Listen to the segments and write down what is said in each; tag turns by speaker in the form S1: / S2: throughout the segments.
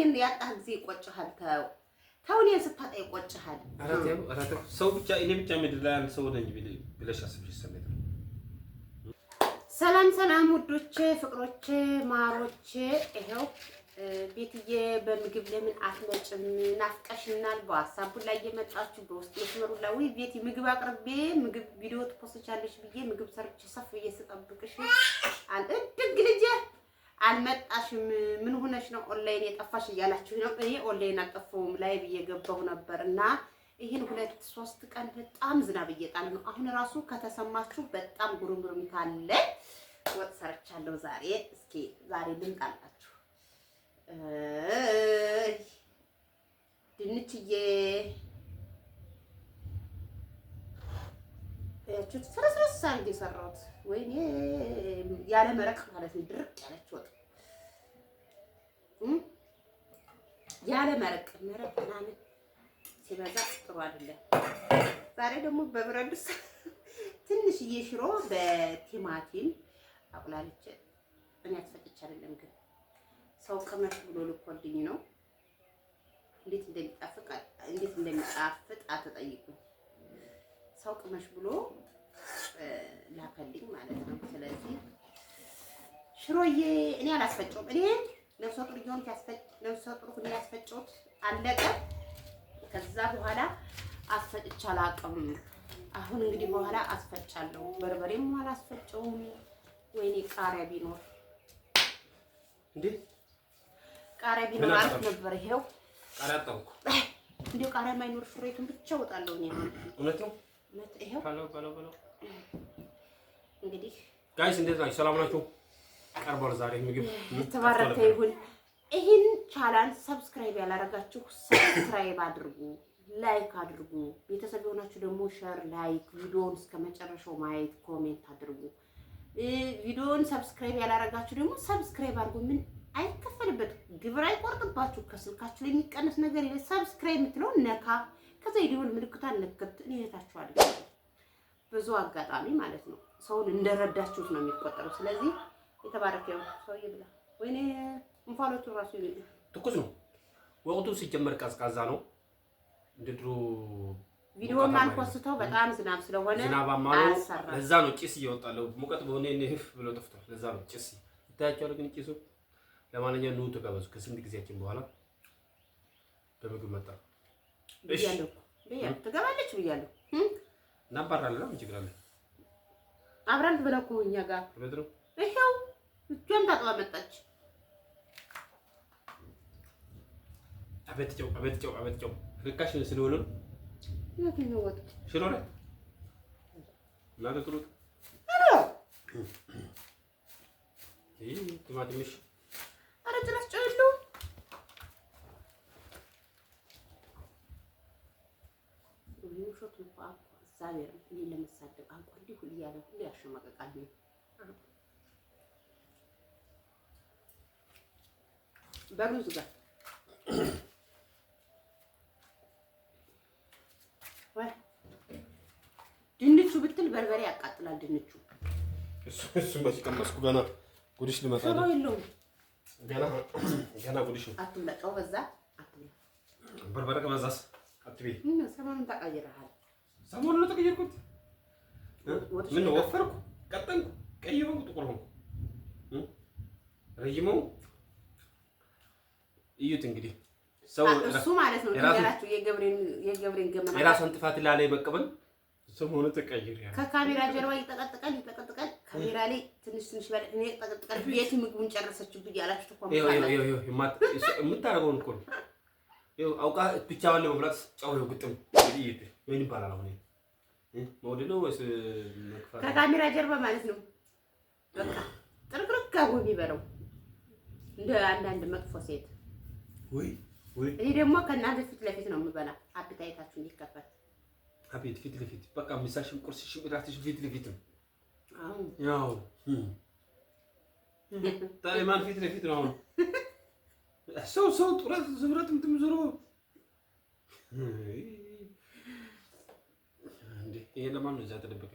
S1: እኔን ያጣህ ጊዜ ይቆጭሃል። ተው ተው፣ እኔን ስታጣ ይቆጭሃል።
S2: ሰው ብቻ እኔ ብቻ ምድር ላይ አንድ ሰው ነኝ ብለሽ አስብሽ ሰሜት
S1: ሰላም ሰላም፣ ውዶቼ፣ ፍቅሮቼ፣ ማሮቼ ይኸው ቤትዬ በምግብ ለምን አትመጭም? ናፍቀሽናል። በሀሳቡ ላይ እየመጣችሁ በውስጥ መስመሩ ላይ ወይ ቤት ምግብ አቅርቤ ምግብ ቪዲዮ ትፖስቻለሽ ብዬ ምግብ ሰርቼ ሰፍ ብዬ ስጠብቅሽ አንድ ድግ ልጄ አልመጣሽም፣ ምን ሆነሽ ነው ኦንላይን የጠፋሽ እያላችሁ ነው። እኔ ኦንላይን አልጠፋሁም፣ ላይቭ እየገባሁ ነበር እና ይህን ሁለት ሶስት ቀን በጣም ዝናብ እየጣለ ነው። አሁን ራሱ ከተሰማችሁ በጣም ጉርምርም ካለ ወጥ ሰርቻለሁ ዛሬ። እስኪ ዛሬ ልምጣላችሁ። ድንችዬ ያችሁት አድርጌ የሰራሁት ወይኔ ያለ መረቅ ማለት ነው። ድርቅ ያለች ወጥ ያለ መረቅ መረቅ ምናምን ሲበዛ ጥሩ አይደለም። ዛሬ ደግሞ በብረት ድስት ትንሽዬ ሽሮ በቲማቲም አቁላልቼ እኔ አትፈጭቼ አይደለም ግን ሰው ቅመሽ ብሎ ልኮልኝ ነው። እንዴት እንደሚጣፍጥ እንዴት እንደሚጣፍጥ አትጠይቁኝ። ሰው ቅመሽ ብሎ ላከልኝ ማለት ነው። ስለዚህ ሽሮዬ እኔ አላስፈጨውም። እኔ ነፍሰ ጡር እየሆንኩ ነፍሰ ጡር ሁኜ ያስፈጨሁት አለቀ። ከዛ በኋላ አስፈጭቼ አላውቅም። አሁን እንግዲህ በኋላ አስፈጫለሁ። በርበሬም አላስፈጨውም። ወይኔ ቃሪያ ቢኖር እንዴ! ቃሪያ ቢኖር አሪፍ ነበር። ይሄው ቃሪያ አጣሁኩ። እንዴ ቃሪያ ማይኖር ሽሮ ብቻ እወጣለሁ እኔ ማለት ነው። እውነት ነው። እውነት ይሄው እንግዲህ
S2: ጋይስ እንዴት ናችሁ? ሰላም ናችሁ? ቀርቧል ዛሬ ምግብ።
S1: የተባረከ ይሁን። ይህን ቻላን ሰብስክራይብ ያላረጋችሁ ሰብስክራይብ አድርጉ፣ ላይክ አድርጉ። ቤተሰብ የሆናችሁ ደግሞ ሸር፣ ላይክ፣ ቪዲዮውን እስከ መጨረሻው ማየት፣ ኮሜንት አድርጉ። ቪዲዮውን ሰብስክራይብ ያላረጋችሁ ደግሞ ሰብስክራይብ አድርጉ። ምን አይከፈልበት፣ ግብር አይቆርጥባችሁ፣ ከስልካችሁ ላይ የሚቀነስ ነገር የለም። ሰብስክራይብ የምትለው ነካ፣ ከዛ የደወል ምልክቷን ነክት። እኔ ብዙ አጋጣሚ ማለት ነው ሰውን እንደረዳችሁት ነው የሚቆጠረው። ስለዚህ የተባረከ ነው ሰውዬ ብላ ወይኔ እንፋሎቹ ራሱ
S2: ትኩስ ነው። ወቅቱ ሲጀመር ቀዝቃዛ ነው። ድድሩ
S1: ቪዲዮ ማንኮስተው በጣም ዝናብ ስለሆነ
S2: ዝናባማ ነው። ለዛ ነው ጭስ እየወጣለው ሙቀት በሆነ ንህፍ ብሎ ጠፍቷል። ለዛ ነው ጭስ ይታያቸዋል። ግን ጭሱ ለማንኛውም ኑ ተጋበዙ። ከስንት ጊዜያችን በኋላ በምግብ መጣ
S1: ብያለሁ። ትገባለች ብያለሁ።
S2: እናባራለን። ምን ችግር አለ?
S1: አብረን ብላ እኮ እኛ ጋር በድሮ ይሄው እጇን ታጥባ መጣች።
S2: አቤት ጨው፣ አቤት ጨው፣ አቤት ጨው ርካሽ ስለሆነ ነው። የትኛው ወጥ ቲማቲምሽ
S1: ኧረ ጭራሽ ጨው የለውም። ውሸቱን እኮ እግዚአብሔር እኔ ለመሳደብ አንቆሌ ሁሉ እያለ ሁሉ ያሸማቀቃል። በሩን ዝጋ። ድንቹ ብትል በርበሬ ያቃጥላል። ድንቹ
S2: እሱም በሲቀመስኩ ገና ጉድሽ ልመጣ ነው። ገና ጉድሽ ነው።
S1: አትብላ፣ ጨው በዛ አትብላ።
S2: በርበሬ ከበዛስ አትቤ
S1: ሰሞኑን ተቀይረሃል
S2: ሰሞኑን ነው ተቀየርኩት። ምን ነው ወፈርኩ፣ ቀጠንኩ፣ ቀይ ሆንኩ፣ ጥቁር ሆንኩ፣ ረጅም እዩት እንግዲህ
S1: ሰው እሱ ማለት ነው ነገራችሁ። የገብሬን የገብሬን ገመና
S2: የራሷን ጥፋት ላለ መቀበል ሰሞኑን ተቀይር
S1: ከካሜራ ጀርባ ይጠቀጥቀል ይጠቀጥቀል፣ ካሜራ ላይ ትንሽ ትንሽ ባለ እኔ ይጠቀጥቀል። ቤት ምግቡን ጨረሰችብኝ ያላችሁ ተቆም
S2: የምታደርገውን እኮ ነው። አውቃ ብቻዋን ለመብላት ጨው ነው ግጥም። ይሄ ምን ይባላል አሁን? መውደድ ነው ወይስ
S1: ከካሜራ ጀርባ ማለት ነው። በቃ ጥርቅርቅ ጋር የሚበለው እንደ አንዳንድ መጥፎ ሴት
S2: ወይ ወይ።
S1: እኔ ደግሞ ከእናንተ ፊት ለፊት ነው የምበላ። አብታይታችሁ እንዲከፈል
S2: አቤት፣ ፊት ለፊት በቃ ምሳሽን፣ ቁርስሽን፣ እራትሽን ፊት ለፊት ነው። ያው ታዲያ ማን ፊት ለፊት ነው? አሁን ሰው ሰው ጡረት ዝብረት ምትምዝሩ ይሄ ለማን ነው እዛ ተደበቀ?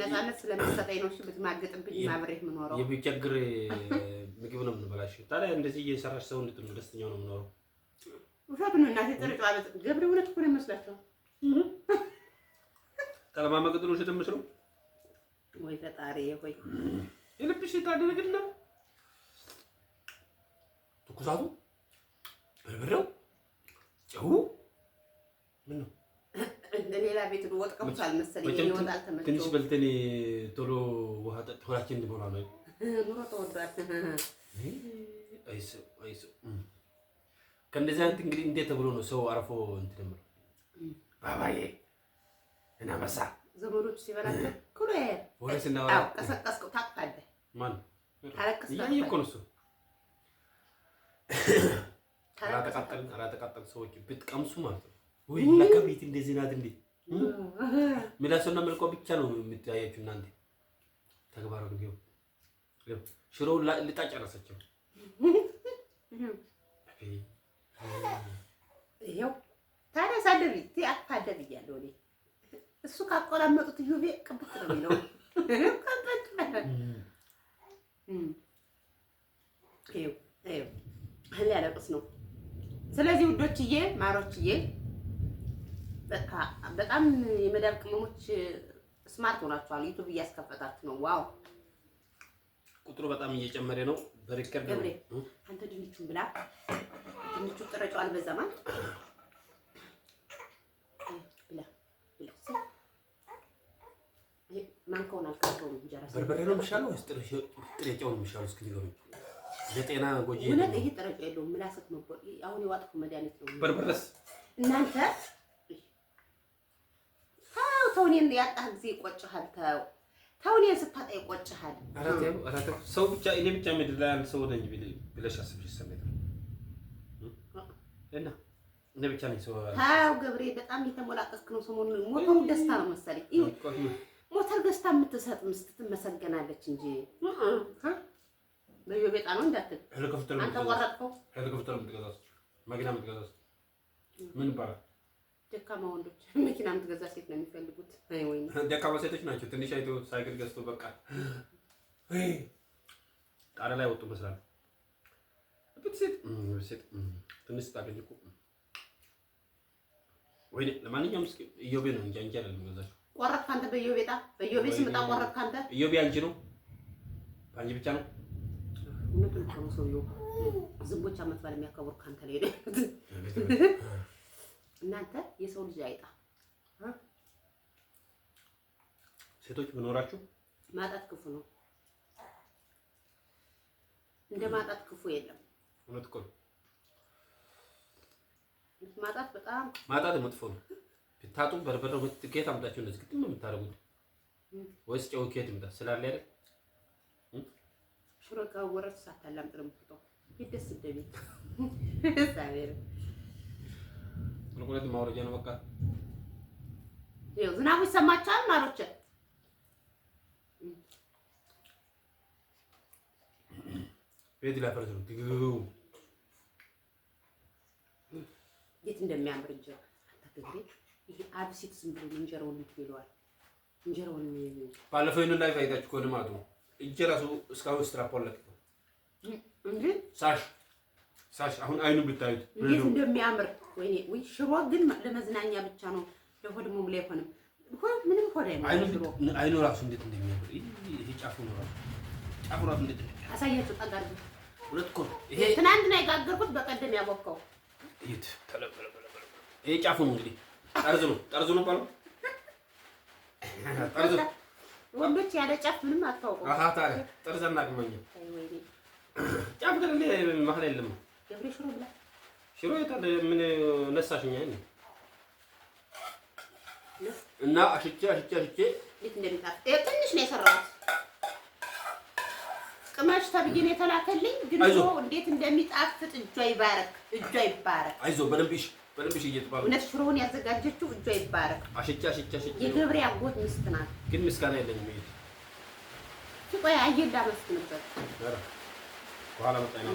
S1: ነፃነት ስለምትሰጠኝ ነው። እሱ ብትማግጥብኝ አብሬህ የምኖረው
S2: የሚቸግር ምግብ ነው የምንበላሽ። ታዲያ እንደዚህ እየሰራሽ ሰው እንድት ነው ደስተኛው ነው የምኖረው።
S1: ውሸት ነው እናቴ። ጥርጫ አለት ገብሬ እውነት እኮ ነው የሚመስላቸው።
S2: ተለማመቅጥ ነው ውሸት የምትመስለው።
S1: ወይ ፈጣሪ ሆይ
S2: የልብሽ ነው ትኩሳቱ በርበሬው ጨው ምን ነው
S1: ሌላ ቤት ወጥ ቀምሷል መሰለኝ። ይወጣል አልተመቸውም።
S2: ትንሽ በልተን ቶሎ ውሃ ጠጥ ሆላችን እንድሞላ ነው።
S1: ኑሮ ተወዷል።
S2: ከእንደዚህ አይነት እንግዲህ እንዴት ተብሎ ነው ሰው አርፎ እንትን የምለው? ባባዬ እና
S1: ዘመዶቹ ሲበላቸው
S2: ሰዎች ብትቀምሱ ማለት ነው ወይ ለካ ቤት እንደዚህ ናት እንዴ! ምላሱና መልኳ ብቻ ነው የምትያያችሁ እናንተ። ተግባሩ ነው ሽሮውን ልጣ ጨረሰችው።
S1: ይሄው ታዲያ ሳደብ አታደብ እያለሁ እኔ እሱ ካቆላመጡት ዩቤ ቅብጥ ነው የሚለው ቅብጥ ይሄው ያለቅስ ነው። ስለዚህ ውዶችዬ ማሮችዬ በቃ በጣም የመዳብ ቅመሞች ስማርት ሆናችኋል። ዩቱብ እያስከፈታችሁ ነው። ዋው
S2: ቁጥሩ በጣም እየጨመረ ነው። በሪከርድ
S1: ነው። አንተ ድንቹን ብላ። ድንቹ ጥረጫ አልበዛም።
S2: በርበሬ ነው የሚሻለው ወይስ ጥረጫው ነው የሚሻለው? እስኪ ንገሩኝ። ለጤና ጎጂ
S1: ነው። ይሄ ጥረጫ የለውም። ምላስክ ነው። አሁን የዋጥኩ መድኃኒት ነው። በርበሬስ እናንተ ተውኔን ያጣህ ጊዜ ይቆጭሃል። ተው ተውኔን ስታጣ ይቆጭሃል።
S2: ሰው ብቻ እኔ ብቻ ምድር ላይ አንድ ሰው ነኝ ብለሽ አስብሽ ሰሜት እና እኔ ብቻ ነኝ ሰው።
S1: ተው ገብሬ፣ በጣም እየተሞላቀስክ ነው ሰሞኑን። ሞተሩ ደስታ ነው መሰለኝ። ሞተር ደስታ የምትሰጥ ምስት ትመሰገናለች እንጂ በየቤጣ ነው እንዳትል።
S2: ሄሊኮፕተር ሄሊኮፕተር የምትገዛው መኪና የምትገዛው ምን ይባላል?
S1: ደካማ ወንዶች መኪና የምትገዛ ሴት ነው የሚፈልጉት።
S2: ደካማ ሴቶች ናቸው። ትንሽ አይቶ ሳይክል ገዝቶ በቃ ጣሪያ ላይ ወጡ መስላል ሴት ትንሽ ስታገኝ እኮ ወይ ለማንኛውም እስኪ እዮቤ ነው እንጂ አንቺ አይደለም ገዛችው።
S1: ቆረጥ ካንተ በኢዮቤ ጣ በኢዮቤ ስም ቆረጥ ካንተ
S2: ኢዮቤ አንቺ ነው አንቺ ብቻ ነው።
S1: እውነቱን ሰውዬው ዝንቦች አመት ባል የሚያከብር ካንተ ላይ ሄደ የሰው ልጅ አይጣ
S2: ሴቶች ብኖራችሁ
S1: ማጣት ክፉ ነው። እንደ ማጣት ክፉ የለም። እውነት እኮ ነው። ማጣት በጣም
S2: ማጣት መጥፎ ነው። ብታጡ በርበረው ከየት አምጣችሁ እንደዚህ ግጥም የምታደርጉት ወይስ ጨው ከየት ይምጣ ስላለ አይደል?
S1: ሽሮ ጋር ወረድ ሳታላም ጥርም ፍጦ ይደስ ደቤት ሳቤር
S2: ቁልቁለት ማውረጃ ነው። በቃ
S1: ይኸው ዝናቡ ይሰማችኋል ማሮች። ቤት ላፈርስ ነው እንደሚያምር እንጀራ ይሄ አብሲት ዝም ብሎ እንጀራውን እንትን እንጀራውን
S2: ባለፈው ላይ አይታችሁ ከሆነ ማለት ነው እንጀራ ሰው እስካሁን ስትራፖለት እንዴ ሳሽ ሳሽ አሁን አይኑ ብታዩት
S1: እንዴት እንደሚያምር ወይኔ ወይ ሽሮ ግን ለመዝናኛ ብቻ ነው። ለሆድ ሙሙላ አይሆንም። ምንም ሆድ
S2: አይሆንም። አይኑ ራሱ እንዴት እንደሚያምር ይሄ ጫፉ ነው ራሱ ጫፉ ራሱ እንዴት
S1: አሳያችሁ። ጠጋር ሁለት ኮር ይሄ ትናንትና የጋገርኩት በቀደም ያቦካው
S2: እት ይሄ ጫፉ ነው እንግዲህ ጠርዝ ነው ጠርዝ ነው ባለው ጠርዝ
S1: ወንዶች ያለ ጫፍ ምንም አታውቁ።
S2: አሃ ታዲያ ጠርዝ አናውቅም ጫፍ ግን መሀል የለም ገብሬ ሽሮ ብላ ሽሮ የታለ? ምን ነሳሽኛ? እና አሽቼ አሽቼ አሽቼ
S1: እንዴት እንደሚጣፍጥ ትንሽ ነው የሰራሁት። ቅመሽ ተብዬ ነው የተላከልኝ። ግን እንዴት እንደሚጣፍጥ እጇ ይባረክ፣ እጇ ይባረክ።
S2: አይዞ በደንብሽ በደንብሽ እየተባለ
S1: እውነት ሽሮውን ያዘጋጀችው እጇ ይባረክ።
S2: አሽቼ አሽቼ አሽቼ
S1: የገብሬ አጎት ሚስት ናት።
S2: ግን ምስጋና የለኝም። ይሄ
S1: ሲቆይ አየላ መስክንበት በኋላ መጣ ነው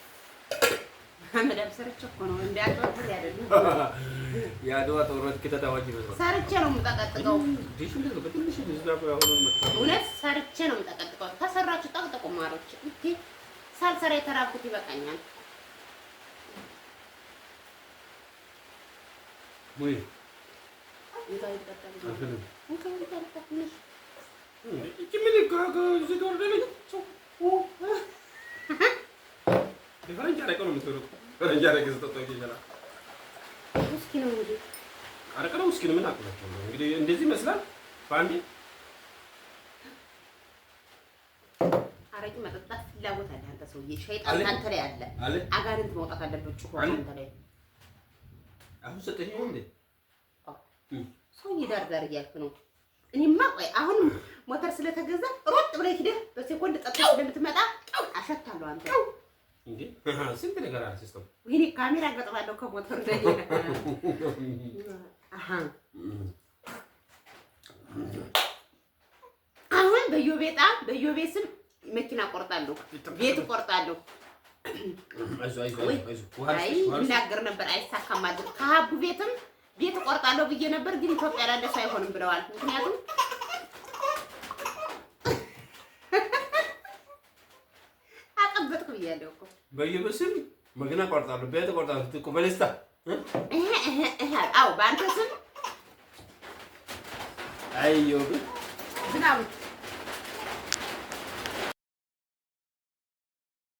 S1: መዳብ ሰርቼ እኮ ነው እንደ አይደለም።
S2: የአድዋ ጦርነት ከተታዋቂ ነው።
S1: ሰርቼ ነው የምጠቀጥቀው። እውነት ሰርቼ ነው የምጠቀጥቀው። ከሰራችሁ ጠቅጥቁ ማሮች። ሳልሰራ የተራኩት ይበቃኛል።
S2: ምን ምን አቅላቸው እንግዲህ እንደዚህ ይመስላል። በአንዴ
S1: አረቂ መጠጣት ፍላጎት አለ። አንተ ሰውዬ ሸይጣን አንተ ላይ አለ። አጋንንት መውጣት አለበት አንተ ላይ
S2: አሁን ሰጠኝ እንዴ
S1: ሰው ይዳርዳር እያልክ ነው። እኔማ ቆይ አሁን ሞተር ስለተገዛ ሮጥ ብለህ ሂደህ በሴኮንድ ጠጥ እንደምትመጣ አሸታለሁ አንተ ስንት ነገር አለ ካሜራ ገጥባለሁ ከሞተር እንደኔ አሁን በዮቤጣ በዮቤ ስም መኪና ቆርጣለሁ፣ ቤት ቆርጣለሁ። ይናገር ነበር አይሳካም። ከሀቡ ቤትም ቤት ቆርጣለሁ ብዬ ነበር፣ ግን ኢትዮጵያ ላለ አይሆንም ብለዋል። ምክንያቱም ብያለሁ እኮ
S2: በየበስም መኪና ቆርጣለሁ፣ ቤት ቆርጣለሁ። ትኩ በደስታ
S1: አዎ፣ በአንተ ስም አይ